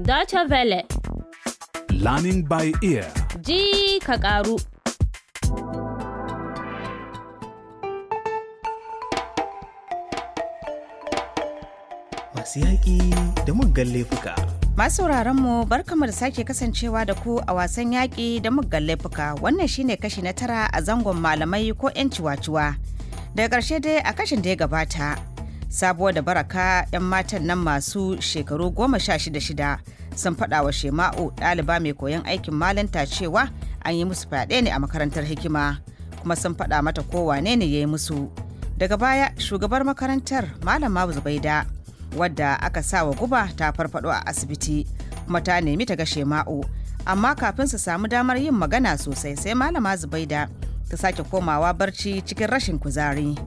Deutsche Welle. Learning by ear. Ji ka karu. Masu yaƙi da muggan laifuka. Masu mu barkamu da sake kasancewa da ku a wasan yaƙi da muggan laifuka wannan shine kashi na tara a zangon malamai ko 'yan ciwaciwa. Daga ƙarshe dai a kashin da ya gabata. Sabuwar da baraka 'yan matan nan masu shekaru goma sha shida shida sun faɗa wa shema'u ɗaliba mai koyon aikin malanta cewa an yi musu fyaɗe ne a makarantar hikima kuma sun faɗa mata kowane ne ya yi musu daga baya shugabar makarantar malam malama zubaida wadda aka sa wa guba ta farfaɗo a asibiti kuma ta nemi ta ga shema'u amma kafin su samu damar yin magana sosai sai malama zubaida ta sake komawa barci cikin rashin kuzari.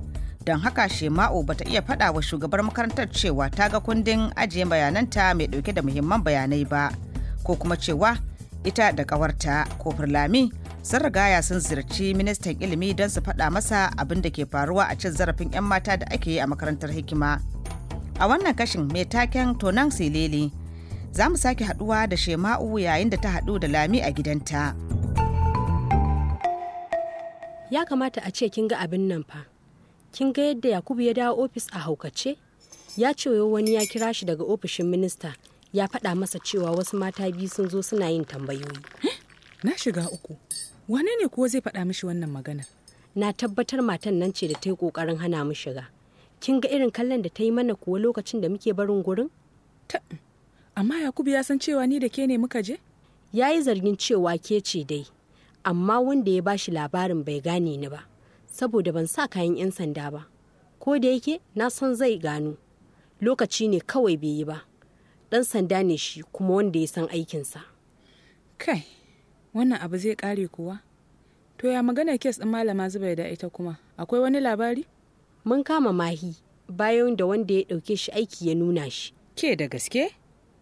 don haka shema'u bata iya faɗawa wa shugabar makarantar cewa ta ga kundin ajiye bayananta mai ɗauke da muhimman bayanai ba ko kuma cewa ita da ƙawarta ko firlami sun rigaya sun ziyarci ministan ilimi don su faɗa masa abin da ke faruwa a cin zarafin 'yan mata da ake yi a makarantar hikima a wannan kashin mai taken tonan silili za mu sake haɗuwa da shema'u yayin da ta haɗu da lami a gidanta ya kamata a ce kin ga abin nan fa kin ga yadda yakubu ya dawo ofis a haukace ya ce wani ya kira shi daga ofishin minista ya faɗa masa cewa wasu mata biyu sun zo suna yin tambayoyi na shiga uku wane ne kuwa zai faɗa mishi wannan maganar na tabbatar matan nan ce da ta yi ƙoƙarin hana mu shiga kin ga irin kallon da ta yi mana kuwa lokacin da muke barin gurin amma yakubu ya san cewa ni da ke ne muka je ya yi zargin cewa ke ce dai amma wanda ya bashi labarin bai gane ni ba saboda ban sa kayan 'yan sanda ba ko da yake na san zai gano lokaci ne kawai bai yi ba ɗan sanda ne shi kuma wanda ya san aikinsa kai wannan abu zai ƙare kuwa to ya magana kes ɗin malama zubai da ita kuma akwai wani labari mun kama mahi bayan da wanda ya ɗauke shi aiki ya nuna shi ke da gaske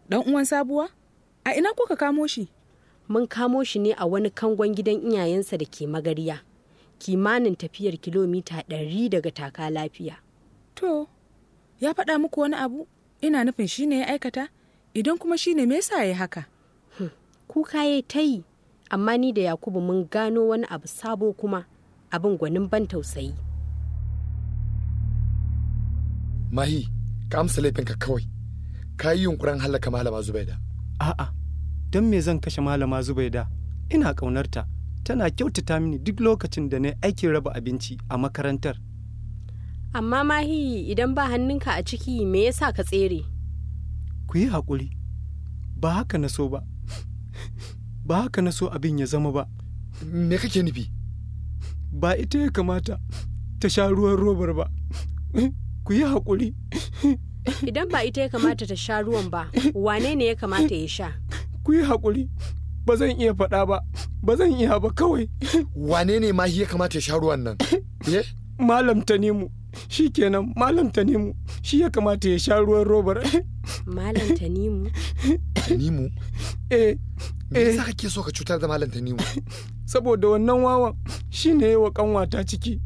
ɗan uwan sabuwa a ina kuka kamo shi mun kamo shi ne a wani kangon gidan iyayensa da ke magariya kimanin tafiyar kilomita ɗari daga taka lafiya. To, ya faɗa muku wani abu? Ina nufin shi ne ya aikata? Idan kuma shi ne yasa ya yi haka? Hmm, kuka ya ta yi, amma ni da Yakubu mun gano wani abu sabo kuma abin gwanin ban tausayi. Mahi, ka amsa laifinka kawai. Ka yi yunkurin halaka malama Zubaida. A'a, don me zan kashe malama Zubaida? Ina ƙaunarta. tana kyautata mini duk lokacin da na aikin raba abinci a makarantar. Amma mahi idan ba hannunka a ciki me yasa ka tsere? Ku yi haƙuri, ba haka na so ba, ba haka na so abin ya zama ba. Me kake nufi? Ba ita ya kamata ta sha ruwan robar ba, ku yi haƙuri. Idan ba ita ya kamata ta sha ruwan ba, wane ne ya kamata ya sha? Ku yi haƙuri, ba zan iya faɗa ba. ba zan iya ba kawai wane ne ma ya kamata ya sha ruwan nan eh? malam tanimu shi kenan malam tanimu shi ya kamata ya sha ruwan robar malam tanimu tanimu eh, eh me yasa kake so ka cutar da malam tanimu saboda wannan wawan shi ne wa kanwata ciki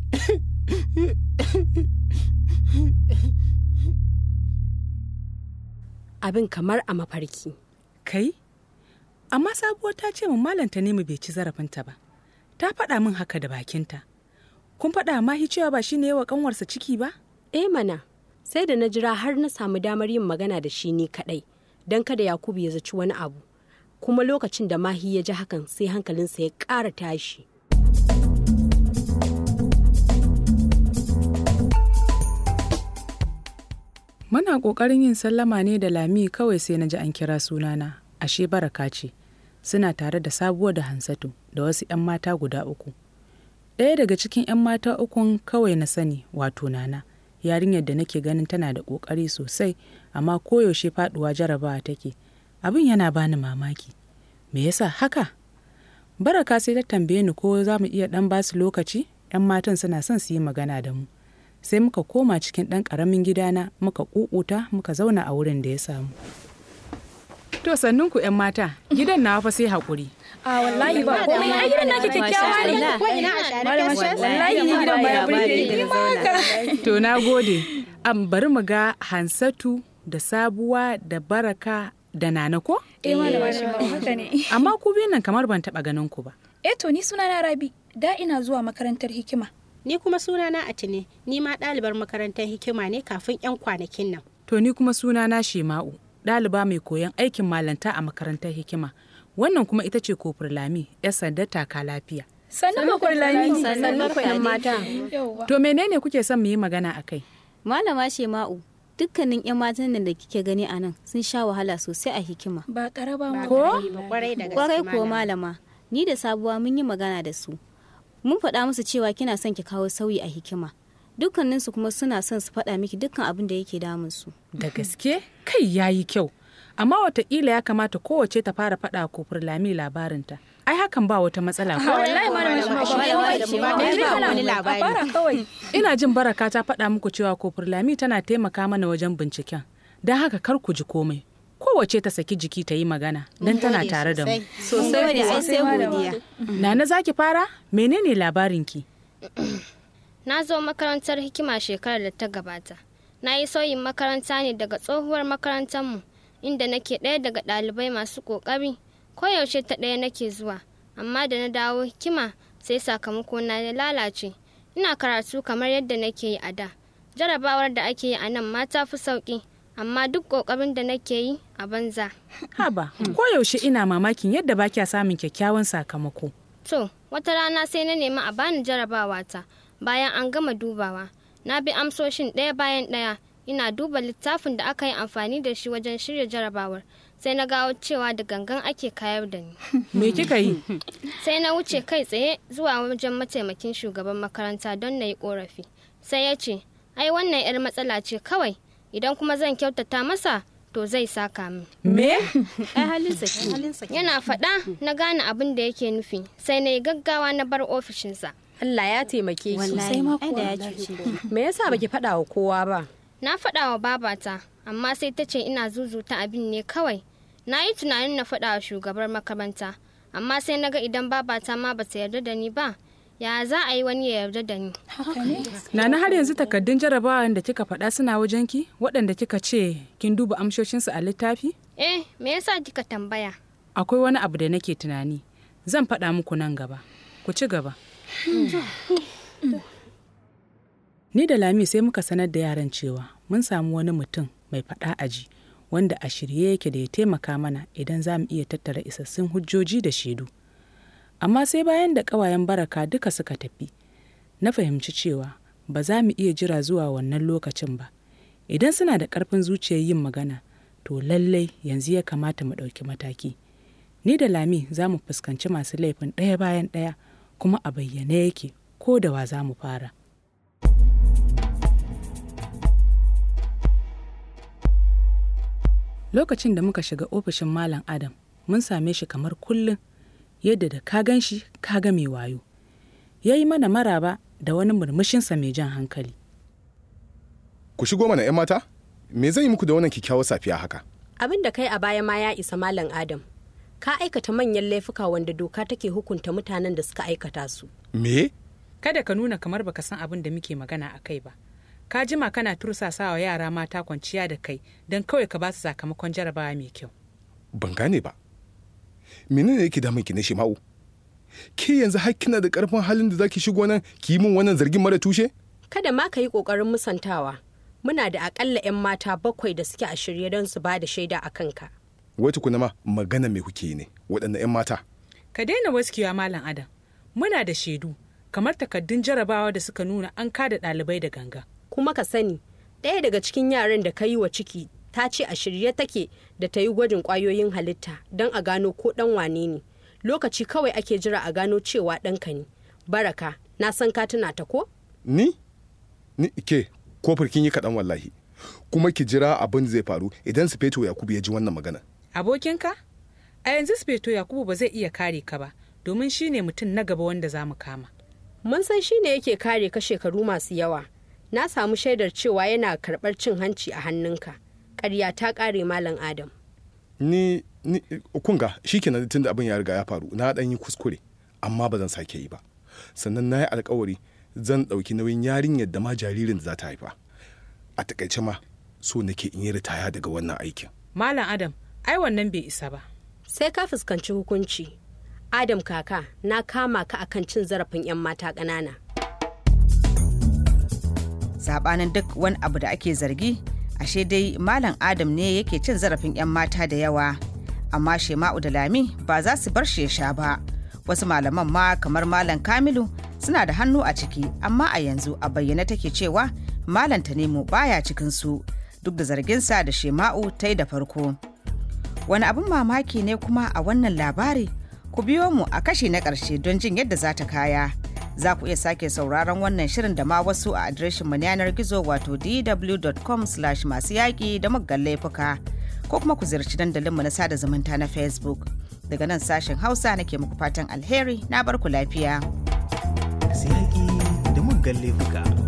abin kamar a mafarki kai amma sabuwa ta ce mu malam mu bai ci zarafinta ba ta faɗa min haka da bakinta kun faɗa mahi cewa ba shi yi wa kanwarsa ciki ba eh mana sai da na jira har na samu damar yin magana da shi ni kaɗai don kada yakubu ya zaci wani abu kuma lokacin da mahi ya ji hakan sai hankalinsa ya ƙara tashi muna ƙoƙarin yin sallama ne da lami kawai sai na ji an kira sunana ashe baraka ce suna tare da sabuwar da hansatu da wasu 'yan mata guda uku ɗaya daga cikin 'yan mata ukun kawai na sani wato nana yarinyar da nake ganin tana da ƙoƙari sosai amma koyaushe faɗuwa jarabawa take abin yana bani mamaki me yasa haka baraka sai ta tambaye ni ko za mu iya ɗan basu lokaci 'yan matan suna son su yi magana da mu sai muka koma cikin ɗan ƙaramin gidana muka ƙuƙuta muka zauna a wurin da ya samu To sannun ku 'yan mata, gidan na fa sai haƙuri. A wallahi ba komai gidan kyakkyawa ne ko ina a share wallahi ni gidan ba ya To na gode. bari mu ga Hansatu da Sabuwa da Baraka da Nana ko? Eh ba shi ba ne. Eh, amma ku biyun nan kamar ban taba ganin ku ba. Eh to ni suna na Rabi, da ina zuwa makarantar hikima. Ni kuma suna na Atine, ni ma ɗalibar makarantar hikima ne kafin 'yan kwanakin nan. To ni kuma suna na Shema'u. ɗaliba mai koyon aikin malanta a makarantar hikima wannan kuma ita ce kofar lami 'yar sanda taka lafiya sannan mata to menene kuke son mu yi magana a kai malama shema'u dukkanin 'yan matan nan da kike gani a nan sun sha wahala sosai a hikima ba karaba ko kwarai ko malama ni da sabuwa mun yi magana da su mun faɗa musu cewa kina son ki kawo sauyi a hikima dukkaninsu kuma suna son su faɗa miki dukkan abin da yake damun su da gaske kai yayi kyau amma watakila ya kamata kowace ta fara faɗa ko furlami labarinta ai hakan ba wata matsala ko ina jin baraka ta faɗa muku cewa kofurlami tana taimaka mana wajen binciken don haka kar ku ji komai kowace ta saki jiki ta yi magana don tana tare da mu sosai ne sai godiya nana zaki fara menene labarin ki. na zo makarantar hikima shekarar da ta gabata na yi sauyin makaranta ne daga tsohuwar makarantarmu inda nake ɗaya daga ɗalibai masu ƙoƙari koyaushe ta ɗaya nake zuwa amma da na dawo hikima sai sakamako na ya lalace ina karatu kamar yadda nake yi a da jarabawar da ake yi a nan ma ta fi sauƙi amma duk ƙoƙarin da nake yi a banza haba koyaushe ina mamakin yadda ba kya samun kyakkyawan sakamako to wata rana sai na nemi a bani jarabawa ta bayan an gama dubawa na bi amsoshin ɗaya bayan ɗaya ina duba littafin da aka yi amfani da shi wajen shirya jarabawar sai na gawo cewa da gangan ake kayar da ni me kika yi sai na wuce kai tsaye zuwa wajen mataimakin shugaban makaranta don na yi korafi sai ya ce ai wannan 'yar matsala ce kawai idan kuma zan kyautata masa to zai saka min me ai yana faɗa na gane abin da yake nufi sai na yi gaggawa na bar ofishinsa Allah ya taimake ki sai ma da ya cuce me yasa baki faɗa wa kowa ba na faɗa wa babata amma sai ta ce ina zuzuta abin ne kawai na yi tunanin na faɗa wa shugabar makaranta amma sai naga idan babata ma bata yarda da ni ba ya za a yi wani ya yarda da ni. Na Nana har yanzu takardun jarabawan da kika faɗa suna wajen ki, waɗanda kika ce kin duba amshoshinsu a littafi? Eh, me yasa kika tambaya? Akwai wani abu da nake tunani. Zan faɗa muku nan gaba. Ku ci gaba. Ni da Lami sai muka sanar da yaran cewa mun samu wani mutum mai faɗa aji wanda a shirye yake da ya taimaka mana idan za mu iya tattara isassun hujjoji da shaidu. Amma sai bayan da ƙawayen baraka duka suka tafi, na fahimci cewa ba za mu iya jira zuwa wannan lokacin ba. Idan suna da ƙarfin zuciyar yin magana, to lallai yanzu ya kamata mu ɗauki mataki. Ni da Lami za mu fuskanci masu laifin ɗaya bayan ɗaya. kuma a bayyane yake ko da wa za mu fara. Lokacin da muka shiga ofishin Malam Adam, mun same shi kamar kullum yadda da ka gan shi ka ga mai wayo. Ya yi mana maraba da wani murmushinsa mai jan hankali. Ku shigo mana 'yan mata? Me zai yi muku da wannan kyakkyawar safiya haka? Abin da kai a baya ma ya isa Malam Adam. ka aikata manyan laifuka wanda doka take hukunta mutanen da suka aikata su me kada ka nuna kamar baka san abin da muke magana a kai ba ka jima kana tursasawa yara mata kwanciya da kai don kawai ka ba su sakamakon jarabawa mai kyau ban gane ba menene yake damun ki na shima'u ke yanzu har kina da karfin halin da zaki shigo nan ki yi min wannan zargin mara tushe kada ma ka yi kokarin musantawa muna da akalla 'yan mata bakwai da suke a shirye don su ba da shaida a kanka wai kuna ma magana me kuke ne waɗannan 'yan mata ka daina waskewa malam adam muna da shaidu kamar takaddun jarabawa da suka nuna an da ɗalibai da ganga kuma ka sani ɗaya daga cikin yaran da ka yi wa ciki ta ce a shirye take da ta yi gwajin ƙwayoyin halitta don a gano ko ɗan wane ne lokaci kawai ake jira a gano cewa ɗanka ne baraka na san ka tuna ta ko ni ni ke ko kin yi kaɗan wallahi kuma ki jira abin zai faru idan su fetur yakubu ya ji wannan magana abokinka a yanzu speto yakubu ba zai iya kare ka ba domin shine mutum na gaba wanda za mu kama mun san shine yake kare ka shekaru masu yawa na samu shaidar cewa yana karɓar cin hanci a hannunka karya ta kare malam adam ni ni kunga kenan tun da abin ya riga ya faru na dan yi kuskure amma ba zan sake yi ba sannan na yi alkawari zan ɗauki nauyin yarinyar da ma jaririn da za ta haifa a takaice ma so nake in yi ritaya daga wannan aikin malam adam ai wannan bai isa ba sai ka fuskanci hukunci adam kaka na kama ka akan cin zarafin 'yan mata ƙanana sabanin duk wani abu da ake zargi ashe dai malam adam ne yake cin zarafin yan mata da yawa amma shema'u da lami ba za su bar shi ya sha ba wasu malaman ma kamar malam kamilu suna da hannu a ciki amma a yanzu a bayyana take cewa malam nemo baya cikin su duk da zarginsa da shema'u ta yi da farko Wani abin mamaki ne kuma a wannan labari? Ku biyo mu a kashi na ƙarshe don jin yadda za ta kaya. Za ku iya sake sauraron wannan shirin da ma wasu a adireshin mu yanar gizo wato dw.com slash masu yaƙi da muggan laifuka ko kuma ku ziyarci dandalinmu na sada zumunta na Facebook. Daga nan sashen Hausa nake muku fatan alheri na bar ku lafiya. Masu yaƙi da muggan laifuka.